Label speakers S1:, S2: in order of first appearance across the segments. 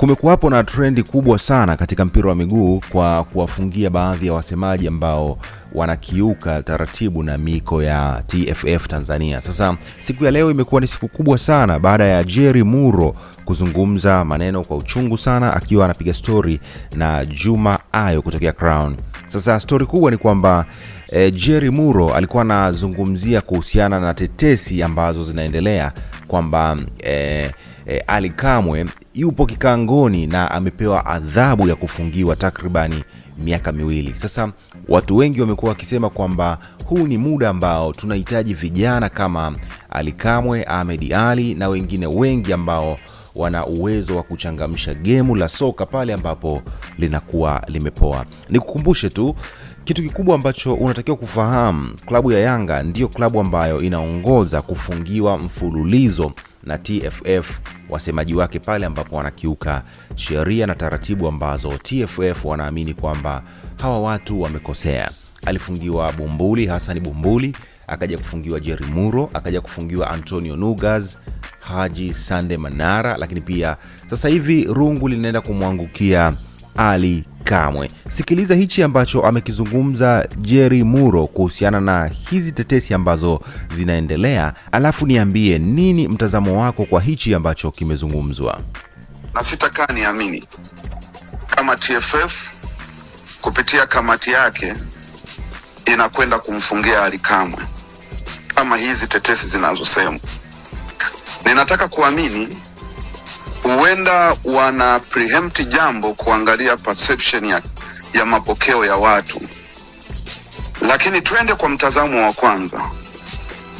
S1: Kumekuwapo na trendi kubwa sana katika mpira wa miguu kwa kuwafungia baadhi ya wasemaji ambao wanakiuka taratibu na miko ya TFF Tanzania. Sasa siku ya leo imekuwa ni siku kubwa sana baada ya Jerry Muro kuzungumza maneno kwa uchungu sana akiwa anapiga stori na Juma Ayo kutokea Crown. Sasa stori kubwa ni kwamba e, Jerry Muro alikuwa anazungumzia kuhusiana na tetesi ambazo zinaendelea kwamba e, e, Ali Kamwe yupo kikangoni na amepewa adhabu ya kufungiwa takribani miaka miwili. Sasa watu wengi wamekuwa wakisema kwamba huu ni muda ambao tunahitaji vijana kama Ali Kamwe, Ahmed Ali na wengine wengi ambao wana uwezo wa kuchangamsha gemu la soka pale ambapo linakuwa limepoa. Nikukumbushe tu kitu kikubwa ambacho unatakiwa kufahamu, klabu ya Yanga ndiyo klabu ambayo inaongoza kufungiwa mfululizo na TFF wasemaji wake pale ambapo wanakiuka sheria na taratibu ambazo TFF wanaamini kwamba hawa watu wamekosea. Alifungiwa Bumbuli, Hassan Bumbuli, akaja kufungiwa Jerry Muro, akaja kufungiwa Antonio Nugas, Haji Sande Manara, lakini pia sasa hivi rungu linaenda kumwangukia ali Kamwe. Sikiliza hichi ambacho amekizungumza Jerry Muro kuhusiana na hizi tetesi ambazo zinaendelea, alafu niambie nini mtazamo wako kwa hichi ambacho kimezungumzwa.
S2: Na sitakaa niamini kama TFF kupitia kamati yake inakwenda kumfungia Ali Kamwe kama hizi tetesi zinazosemwa. Ninataka kuamini huenda wana preempt jambo kuangalia perception ya, ya mapokeo ya watu, lakini twende kwa mtazamo wa kwanza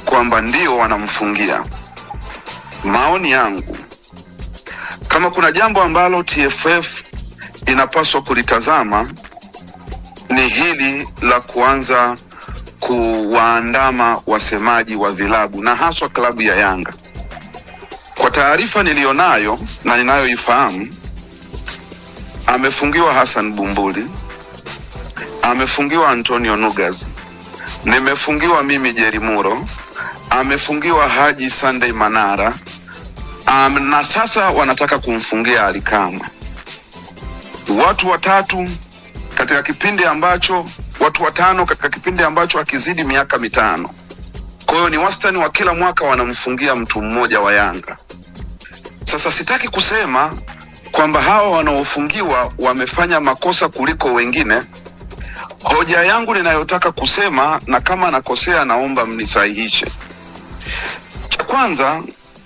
S2: kwamba ndio wanamfungia. Maoni yangu kama kuna jambo ambalo TFF inapaswa kulitazama ni hili la kuanza kuwaandama wasemaji wa vilabu na haswa klabu ya Yanga taarifa niliyonayo na ninayoifahamu, amefungiwa Hassan Bumbuli, amefungiwa Antonio nugas nimefungiwa mimi Jerry Muro, amefungiwa Haji Sunday Manara, um, na sasa wanataka kumfungia Alikamwe. Watu watatu katika kipindi ambacho watu watano katika kipindi ambacho akizidi miaka mitano. Kwa hiyo ni wastani wa kila mwaka wanamfungia mtu mmoja wa Yanga. Sasa sitaki kusema kwamba hawa wanaofungiwa wamefanya makosa kuliko wengine. Hoja yangu ninayotaka kusema, na kama nakosea, naomba mnisahihishe. Cha kwanza,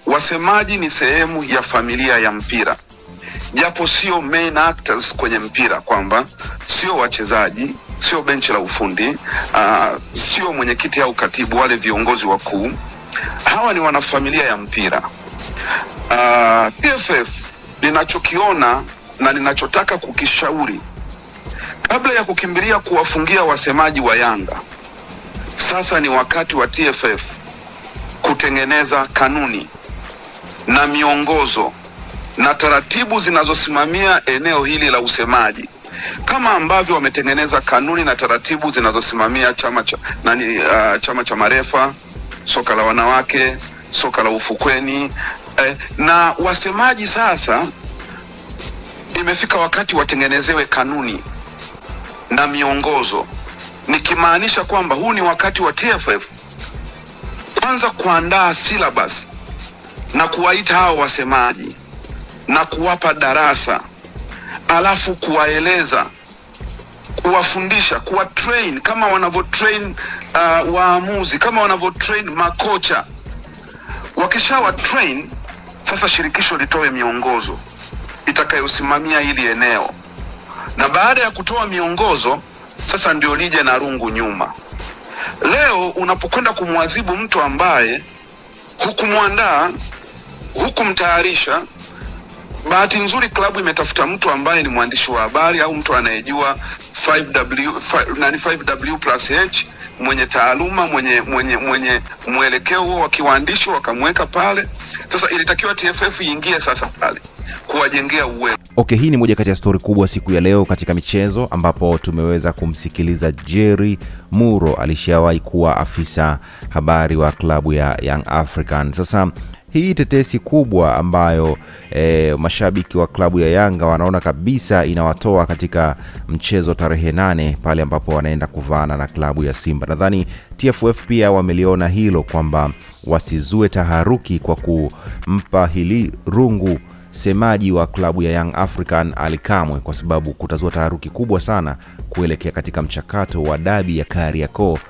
S2: wasemaji ni sehemu ya familia ya mpira, japo sio main actors kwenye mpira, kwamba sio wachezaji, sio benchi la ufundi, uh, sio mwenyekiti au katibu, wale viongozi wakuu. Hawa ni wanafamilia ya mpira uh, ah, TFF na ninachotaka kukishauri kabla ya kukimbilia kuwafungia wasemaji wa Yanga, sasa ni wakati wa TFF kutengeneza kanuni na miongozo na taratibu zinazosimamia eneo hili la usemaji kama ambavyo wametengeneza kanuni na taratibu zinazosimamia chama cha nani, uh, chama cha marefa, soka la wanawake, soka la ufukweni, eh, na wasemaji sasa, imefika wakati watengenezewe kanuni na miongozo, nikimaanisha kwamba huu ni wakati wa TFF kwanza kuandaa syllabus na kuwaita hao wasemaji na kuwapa darasa, alafu kuwaeleza, kuwafundisha, kuwa train kama wanavyotrain uh, waamuzi kama wanavyotrain makocha. Wakishawa train sasa shirikisho litoe miongozo itakayosimamia hili eneo, na baada ya kutoa miongozo sasa ndio lije na rungu nyuma. Leo unapokwenda kumwadhibu mtu ambaye hukumwandaa, hukumtayarisha. Bahati nzuri klabu imetafuta mtu ambaye ni mwandishi wa habari au mtu anayejua 5W, 5W plus H mwenye taaluma mwenye mwenye mwenye mwelekeo huo wa kiwaandishi wakamweka pale. Sasa ilitakiwa TFF iingie sasa pale kuwajengea uwezo.
S1: Okay, hii ni moja kati ya stori kubwa siku ya leo katika michezo, ambapo tumeweza kumsikiliza Jerry Muro, alishawahi kuwa afisa habari wa klabu ya Young African. Sasa hii tetesi kubwa ambayo e, mashabiki wa klabu ya Yanga wanaona kabisa inawatoa katika mchezo tarehe nane pale ambapo wanaenda kuvana na klabu ya Simba. Nadhani TFF pia wameliona hilo kwamba wasizue taharuki kwa kumpa hili rungu semaji wa klabu ya Young African alikamwe Kamwe kwa sababu kutazua taharuki kubwa sana kuelekea katika mchakato wa dabi ya kariaco uh,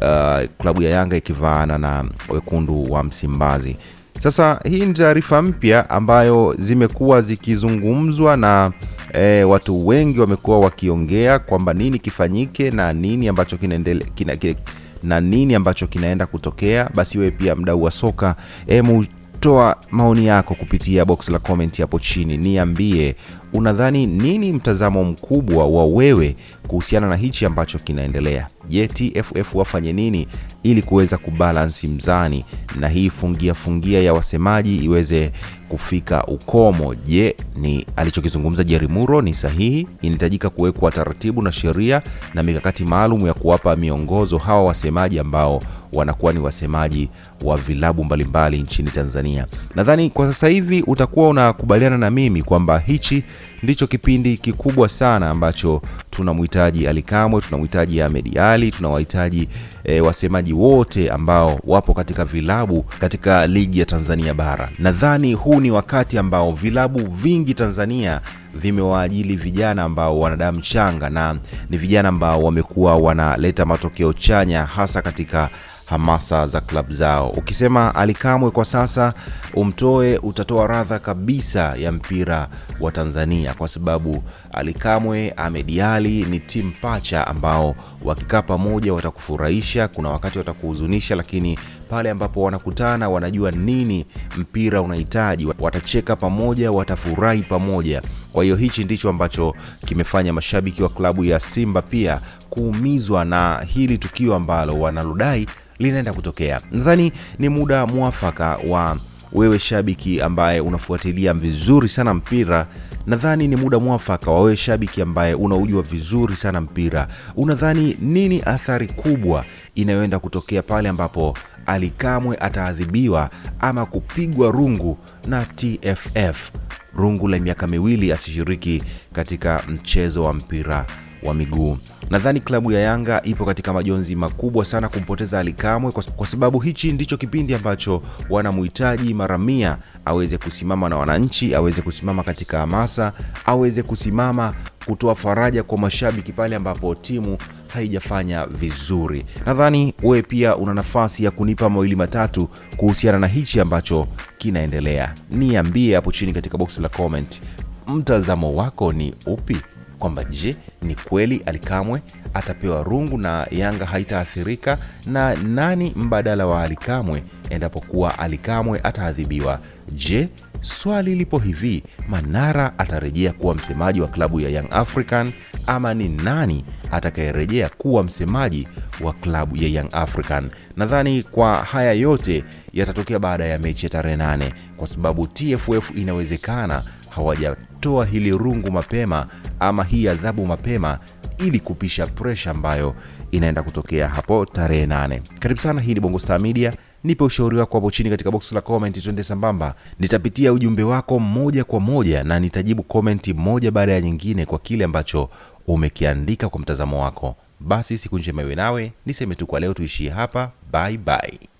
S1: eh, klabu ya Yanga ikivaana na wekundu wa Msimbazi. Sasa hii ni taarifa mpya ambayo zimekuwa zikizungumzwa na E, watu wengi wamekuwa wakiongea kwamba nini kifanyike na nini ambacho kinaendele, kina, kina, na nini ambacho kinaenda kutokea. Basi wewe pia mdau wa soka, hebu toa maoni yako kupitia box la comment hapo chini, niambie unadhani nini mtazamo mkubwa wa wewe kuhusiana na hichi ambacho kinaendelea. Je, TFF wafanye nini ili kuweza kubalansi mzani na hii fungia fungia ya wasemaji iweze kufika ukomo? Je, ni alichokizungumza Jerry Muro ni sahihi? Inahitajika kuwekwa taratibu na sheria na mikakati maalum ya kuwapa miongozo hawa wasemaji ambao wanakuwa ni wasemaji wa vilabu mbalimbali nchini Tanzania. Nadhani kwa sasa hivi utakuwa unakubaliana na mimi kwamba hichi ndicho kipindi kikubwa sana ambacho tunamhitaji Alikamwe, tunamhitaji Ahmed serikali, Tunawahitaji e, wasemaji wote ambao wapo katika vilabu katika ligi ya Tanzania bara. Nadhani huu ni wakati ambao vilabu vingi Tanzania vimewaajili vijana ambao wana damu changa na ni vijana ambao wamekuwa wanaleta matokeo chanya hasa katika hamasa za klabu zao. Ukisema Alikamwe kwa sasa umtoe, utatoa radha kabisa ya mpira wa Tanzania, kwa sababu Alikamwe, amediali ni timu pacha ambao wakikaa pamoja watakufurahisha, kuna wakati watakuhuzunisha, lakini pale ambapo wanakutana, wanajua nini mpira unahitaji, watacheka pamoja, watafurahi pamoja. Kwa hiyo hichi ndicho ambacho kimefanya mashabiki wa klabu ya Simba pia kuumizwa na hili tukio ambalo wanalodai linaenda kutokea. Nadhani ni muda mwafaka wa wewe shabiki ambaye unafuatilia vizuri sana mpira, nadhani ni muda mwafaka wa wewe shabiki ambaye unaujua vizuri sana mpira, unadhani nini athari kubwa inayoenda kutokea pale ambapo Ali Kamwe ataadhibiwa ama kupigwa rungu na TFF rungu la miaka miwili asishiriki katika mchezo wa mpira wa miguu. Nadhani klabu ya Yanga ipo katika majonzi makubwa sana kumpoteza Ally Kamwe, kwa sababu hichi ndicho kipindi ambacho wanamhitaji mara mia, aweze kusimama na wananchi, aweze kusimama katika hamasa, aweze kusimama kutoa faraja kwa mashabiki pale ambapo timu haijafanya vizuri. Nadhani wewe pia una nafasi ya kunipa mawili matatu kuhusiana na hichi ambacho kinaendelea. Niambie hapo chini katika box la comment, mtazamo wako ni upi? kwamba je, ni kweli Alikamwe atapewa rungu na Yanga haitaathirika, na nani mbadala wa Alikamwe endapo kuwa Alikamwe ataadhibiwa? Je, swali lipo hivi, Manara atarejea kuwa msemaji wa klabu ya Young African ama ni nani atakayerejea kuwa msemaji wa klabu ya Young African? Nadhani kwa haya yote yatatokea baada ya mechi ya tarehe nane, kwa sababu TFF inawezekana hawajatoa hili rungu mapema ama hii adhabu mapema ili kupisha presha ambayo inaenda kutokea hapo tarehe nane. Karibu sana, hii ni Bongo Star Media. Nipe ushauri wako hapo chini katika boksi la komenti twende sambamba. Nitapitia ujumbe wako moja kwa moja na nitajibu komenti moja baada ya nyingine kwa kile ambacho umekiandika kwa mtazamo wako. Basi siku njema iwe nawe, niseme tu kwa leo tuishie hapa. Bye bye.